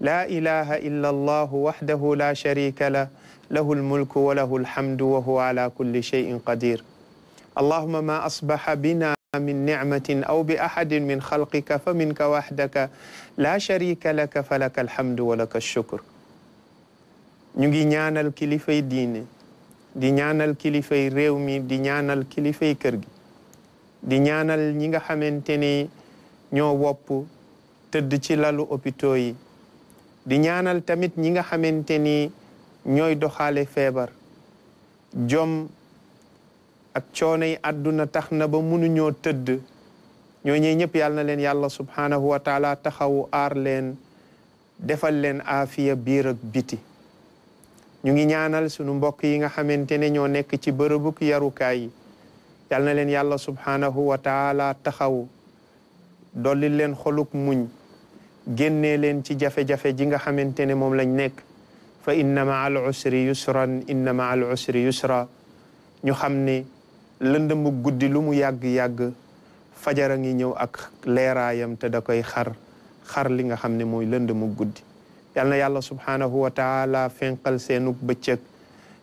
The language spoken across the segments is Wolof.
لا إله إلا الله وحده لا شريك له له الملك وله الحمد وهو على كل شيء قدير اللهم ما أصبح بنا من نعمة أو بأحد من خلقك فمنك وحدك لا شريك لك فلك الحمد ولك الشكر نجي نيانا الكليفة دين دي نيانا الكليفة ريومي دي نيانا الكليفة كرغي دي نيانا نيغا حمنتني نيو وابو tëdd ci lalu hôpitaux yi di ñaanal tamit ñi nga xamante ni ñooy doxaale feebar jom ak coono yi àdduna tax na ba mënuñoo tëdd ñooñee ñëpp yal na leen yàlla subhaanahu wa taala taxawu ar leen defal leen aafiya biir biti ñu ngi ñaanal sunu mbokk yi nga xamante ne ñoo nekk ci bërëbuk yarukaay yi yal na leen yàlla subhaanahu wa taala taxawu dolli leen xoluk muñ génnee leen ci jafe-jafe ji nga xamante ne moom lañ nekk fa inna maa al usri yusran inna maa yusra ñu xam ne mu guddi lu mu yàgg-yàgg fajara ngi ñëw ak leeraayam te da koy xar xar li nga xam ne mooy lënd mu guddi yal yàlla subhaanahu wa taala fenqal seenug bëccëg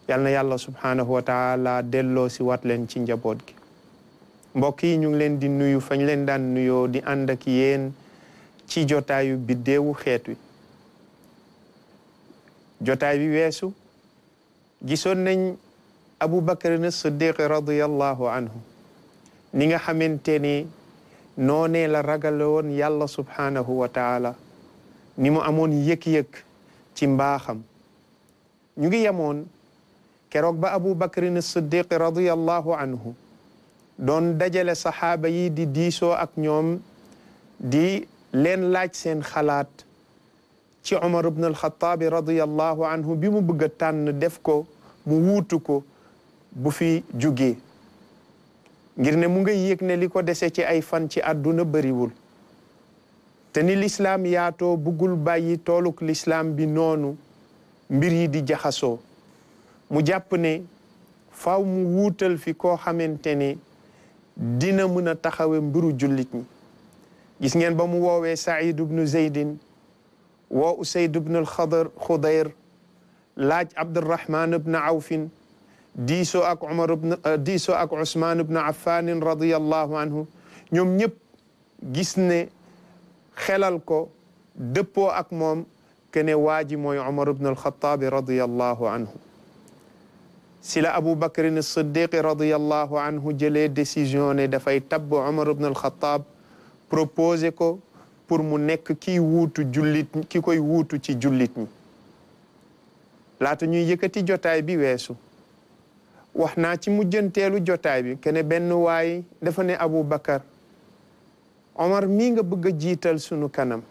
yal yàlla subhaanahu wa taala delloo si waat leen ci njaboot gi mbokk yi ñu ngi leen di nuyu fañ leen daan nuyoo di ànd ak ci jotaayu biddeewu xeet wi jotaay bi weesu gisoon nañ abu bakarin siddiq radiallahu anhu ni nga xamante ni noonee la ragale woon yàlla subhaanahu wa taala ni mu amoon yëg-yëg ci mbaaxam ñu ngi yemoon keroog ba abu bakarin siddiq radiallahu anhu doon dajale saxaaba yi di diisoo ak ñoom di leen laaj seen xalaat ci Umar ibn al-Khattabi radiyallahu bi mu bëgg a tànn def ko mu wuutu ko bu fi jugee ngir ne mu nga yëg ne li ko dese ci ay fan ci àdduna bariwul te ni lislaam yaatoo bëggul bàyyi tooluk lislaam bi noonu mbir yi di jaxasoo mu jàpp ne faw mu wuutal fi koo xamante ne dina mën a taxawe mbiru jullit ñi gis ngeen ba mu woowee Saïd ibnu Zeydin woo Usayd ibnu Alxadar Xudayr laaj Abdurahman ibnu Awfin diisoo ak Omar ibnu diisoo ak Ousmaan ibnu Affanin radiallahu anhu ñoom ñëpp gis ne xelal ko dëppoo ak moom ne waa ji mooy Omar ibnu Alxataabi radiallahu anhu si la Abu Bakrin Siddiqi radiallahu anhu jëlee décision ne dafay tabb Omar ibn al-Khattab proposé ko pour mu nekk kiy wuutu jullit ki koy wuutu ci jullit ñi laata ñuy yëkkati jotaay bi weesu wax naa ci mujjanteelu jotaay bi kene benn waay dafa ne Abu Bakar Omar mii nga bëgg a jiital sunu kanam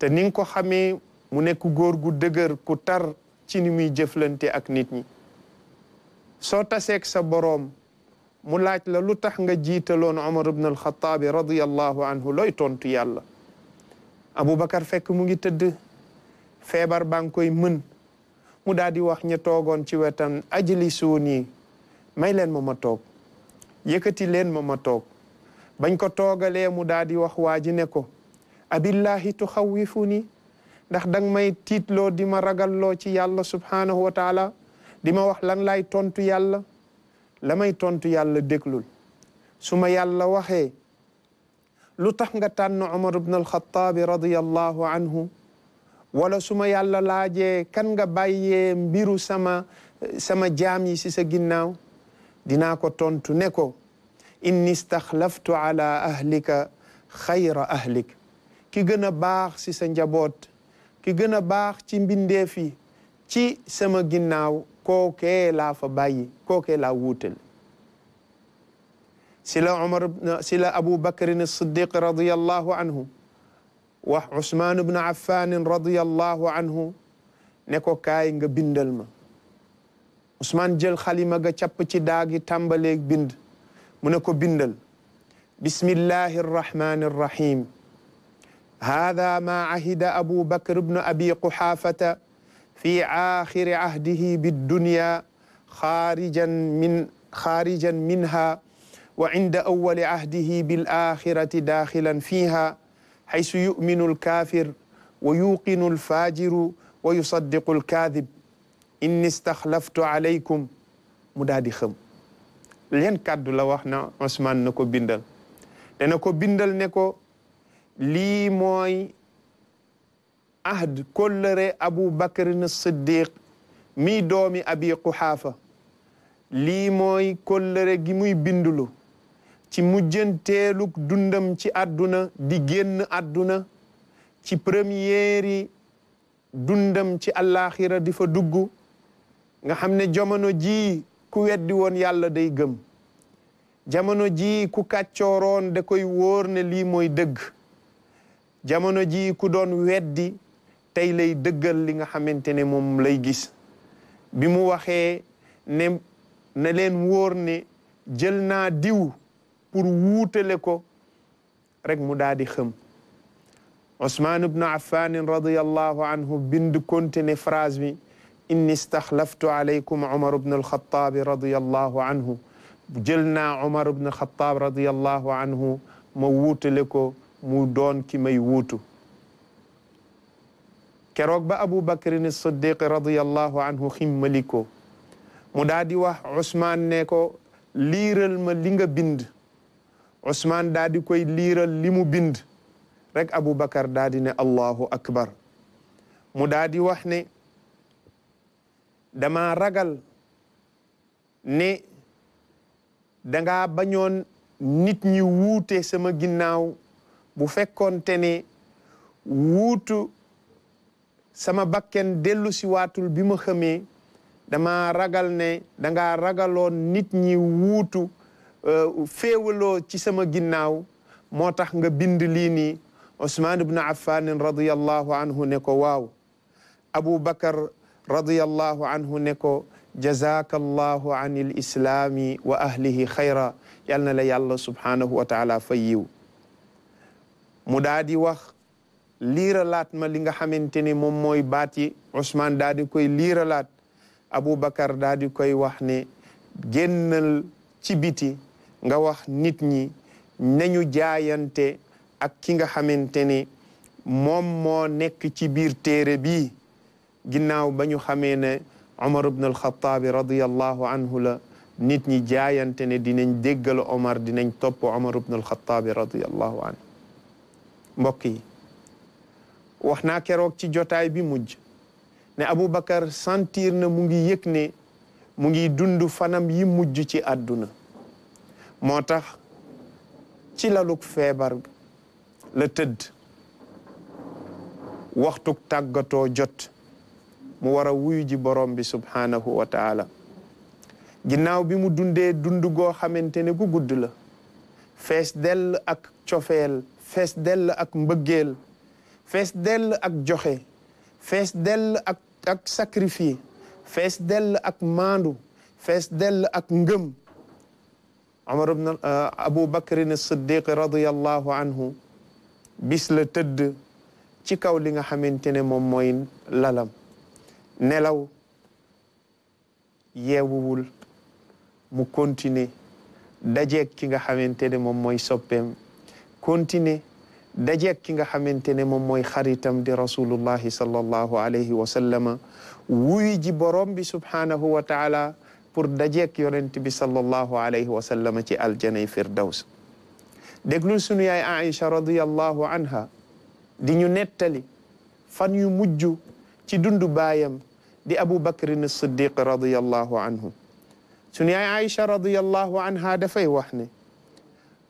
te ni ko xamee mu nekk góor gu dëgër ku tar ci ni muy jëflante ak nit ñi soo taseek sa boroom mu laaj la lu tax nga jiitaloon Omar ibn al-Khattabi radiyallahu anhu looy tontu yàlla Aboubacar fekk mu ngi tëdd feebar baa ngi koy mën mu daal wax ña toogoon ci wetam ajlisuuni may leen ma ma toog yëkkati leen ma ma toog bañ ko toogalee mu daal wax waa ji ne ko abillahi tuxawwifuuni ndax dang may tiitloo di ma ragalloo ci yàlla subhaanahu wa taala dima wax lan lay tontu yàlla lamay tontu yàlla déglul suma yàlla waxe lutax nga tan umar ibn al-khattab radiyallahu anhu wala suma yàlla laje kan nga baye mbiru sama sama jam yi ci sa ginnaw dina ko tontu ne ko inni staxlaftu ala ahlika xayra ahlik ki gën a baax si sa njaboot ki gën a ci mbindeef yi ci sama ginnaaw كوكي لا فباي كوكي لا ووتل سلا عمر بن سلا ابو بكر الصديق رضي الله عنه وعثمان بن عفان رضي الله عنه نكو كاي نغ بندلما عثمان جل خليمه غا تشاب تي داغي تامبليك بند منكو بندل بسم الله الرحمن الرحيم هذا ما عهد ابو بكر بن ابي قحافه في آخر عهده بالدنيا خارجا من خارجا منها وعند أول عهده بالآخرة داخلا فيها حيث يؤمن الكافر ويوقن الفاجر ويصدق الكاذب إني استخلفت عليكم مدادخم daal di xëm leen kàddu la wax na بندل نكو لي موي ahd kollëre abu bakrin siddiq mi doomi abi quxaafa lii mooy kollëre gi muy bindulu ci mujjanteeluk dundam ci àdduna di génn àdduna ci première dundam ci àllaaxira di fa dugg nga xam ne jamono ji ku weddi woon yàlla day gëm jamono ji ku kàccooroon da koy wóor ne lii mooy dëgg jamono jii ku doon weddi tey lay dëggal li nga xamante ne moom lay gis bi mu waxee ne na leen wóor ne jël naa diw pour wuutale ko rek mu daal di xëm Ousmane ibnu Affanin radiallahu anhu bind kontine phrase bi inni staxlaftu aleykum Omar ibnu alxataabi radiallahu anhu jël naa Omar ibnu alxataab radiallahu anhu ma wuutale ko mu doon ki may wuutu keroog ba abu bakrin siddiq radiallahu anhu ximmali ko mu daa wax Ousmane ne ko liiral ma li bind Ousmane daa koy liiral li mu bind rek Abu Bakar daa di ne allahu akbar mu daa wax ne dama ragal ne danga bañoon nit ñi wuute sama ginnaaw bu fekkoonte ne wuutu sama bakken dellu si waatul bi ma dama ragal ne danga ragalo nit ñi wuutu féewaloo ci sama ginnaaw moo tax nga bind lii nii Usmaan ibn Affan radiyallahu anhu ne ko waaw Abu Bakar radiyallahu anhu ne ko jazakallahu an il islaami wa ahlihi xayra yal na la yàlla subhaanahu wa taala fa yiw mu liiralaat ma li nga xamante ni moom mooy baat yi Ousmane daal di koy liiralaat Aboubacar daal di koy wax ne génnal ci biti nga wax nit ñi nañu jaayante ak ki nga xamante ni moom moo nekk ci biir téere bii ginnaaw ba ñu xamee ne Omar ibn al-Khattabi radiyallahu nit ñi jaayante ne dinañ déggal Omar dinañ topp Omar ibn al-Khattabi radiyallahu anhu mbokk yi wax naa keroog ci jotaay bi mujj ne Aboubacar sentir na mu ngi yëg ne mu ngi dundu fanam yi mujj ci àdduna moo tax ci laluk feebar la tëdd waxtuk tàggatoo jot mu war a wuyu ji borom bi subhaanahu ginnaaw bi mu dundee dund goo xamante ne gu gudd la fees dell ak cofeel fees dell ak mbëggeel fees dell ak joxe fees dell ak ak sacrifier fees dell ak maandu fees dell ak ngëm Omar ibn uh, Abu Bakrin as-Siddiq radiyallahu anhu bis la tëdd ci kaw li nga xamante ne moom mooy lalam nelaw yeewuwul mu continuer dajeeg ki nga xamante ne moom mooy soppeem continuer dajeeg ki nga xamante ne moom mooy xaritam di rasulullahi sallallahu alayhi wa sallama wuy ji borom bi subhaanahu wa taala pour dajeeg yonent bi sallallahu alayhi wa sallama ci aljanay firdaws déglul sunu yaay Aïcha radiyallahu anha di ñu nettali fan yu mujj ci dundu baayam di Abu Bakrin Siddiq radiyallahu anhu sunu yaay Aïcha radiyallahu anha dafay wax ne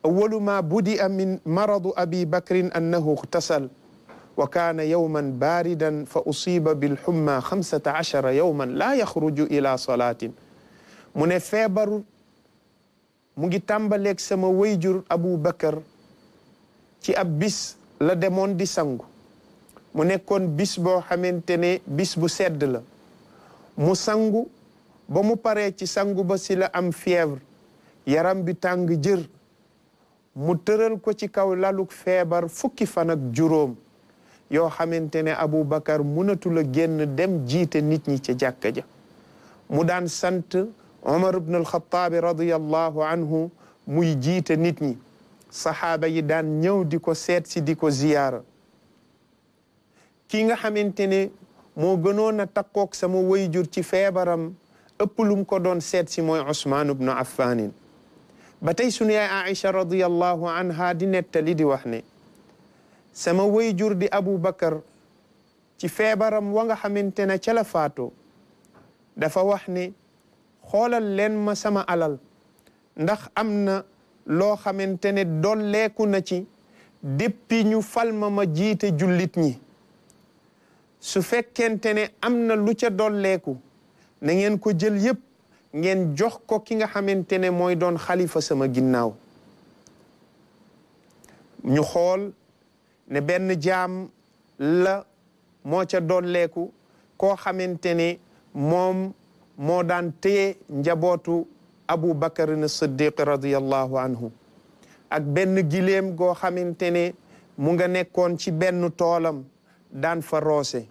أول ما بدأ من مرض أبي بكر أنه اغتسل وكان يوما باردا فأصيب بالحمى خمسة عشر يوما لا يخرج إلى صلاة من فبر مجي تنبليك سما ويجر أبو بكر تي أبس لدمون دي سنغ من يكون بس بو حمين تني بس بو سرد لا مو سنغ بمو باري تي سنغ بسي لأم فيبر يرام بي تنغ جر mu tëral ko ci kaw laluk feebar fukki fan ak juróom yoo xamante ne Aboubacar munatul a génn dem jiite nit ñi ci jàkka ja mu daan sant Omar ibn al-Khattabi anhu muy jiite nit ñi saxaaba yi daan ñëw di ko seet si di ko ziyaara ki nga xamante ne moo gënoon a takkook sama wayjur ci feebaram ëpp lum ko doon seet si mooy Ousmane ibn Affanin ba tey sunu yaay Aïcha radiyallahu anha di nettali di wax ne sama wayjur di Aboubacar ci feebaram wa nga xamante ne ca faatoo dafa wax ne xoolal leen ma sama alal ndax am na loo xamante ne dolleeku na ci depuis ñu fal ma ma jiite jullit ñi su fekkente ne am na lu ca dolleeku na ngeen ko jël yépp ngeen jox ko ki nga xamante ne mooy doon xalifa sama ginnaaw ñu xool ne benn jaam la moo ca dolleeku koo xamante ne moom moo daan téye njabootu abu bakarin siddiq radiallahu anhu ak benn giléem goo xamante ne mu nga nekkoon ci benn toolam daan fa roose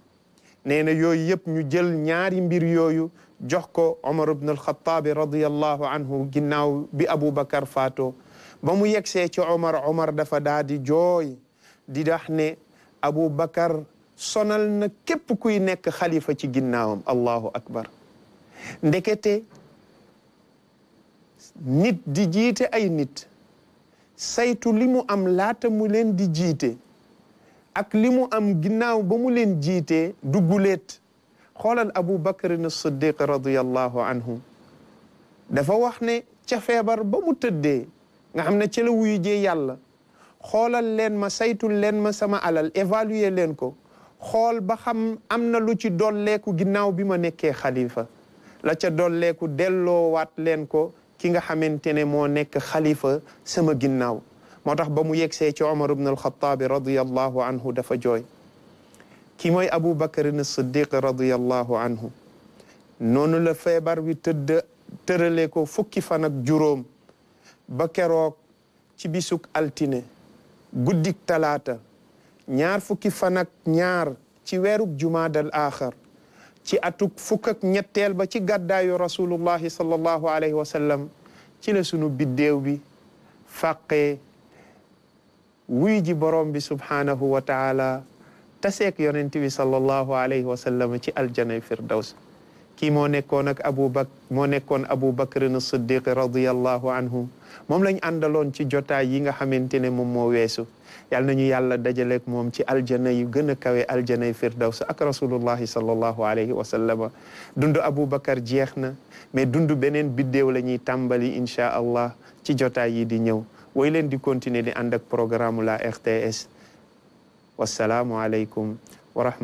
nee na yooyu yëpp ñu jël ñaari mbir yooyu jox ko omar ibnul xataabi radiallahu anhu ginnaaw bi aboubacar faato ba mu yegsee ci omar omar dafa daa di jooy di dax ne aboubacar sonal na képp kuy nekk xalifa ci ginnaawam allahu akbar ndekete nit di jiite ay nit saytu limu am laata mu leen di jiite ak limu am ginnaaw ba mu leen jiitee dugguleet xoolal Abu Bakr as-Siddiq radiyallahu anhu dafa wax ne ca feebar ba mu tëddee nga xam ne ca la wuyu jee yàlla xoolal leen ma saytul leen ma sama alal évaluer leen ko xool ba xam am na lu ci dolleeku ginnaaw bi ma nekkee xalifa la ca dolleeku delloowaat leen ko ki nga xamante ne moo nekk sama ginnaaw moo ba mu yegsee ci Omar ibn al-Khattaab radiyallahu anhu dafa jooy ki mooy aboubacarin siddiq radiallahu anhu noonu la feebar bi tëdd tërale ko fukki fan ak juróom ba keroog ci bisuk altine guddik talaata ñaar fukki fan ak ñaar ci weeruk jumaadal aaxar ci atuk fukk ak ñetteel ba ci gàddaayu rasulullahi sallallahu alayhi wa sallam ci la sunu biddéew bi fàqee wuy ji borom bi subhaanahu wa taala taseek yonent bi sallallahu alayhi wa sallam ci aljanay firdaws kii moo nekkoon ak abu bak moo nekkoon abu bakrin siddiq radiallahu anhu moom lañ àndaloon ci jotaay yi nga xamante ne moom moo weesu yal nañu yàlla dajaleek moom ci aljana yu gën a kawe aljanay firdaws ak rasulullahi sallallahu alayhi wa sallama dund abu bakar jeex na mais dund beneen biddéew la ñuy tàmbali inchaa allah ci jotaay yi di ñëw way leen di continuer di ànd ak la RTS والسلام عليكم ورحمة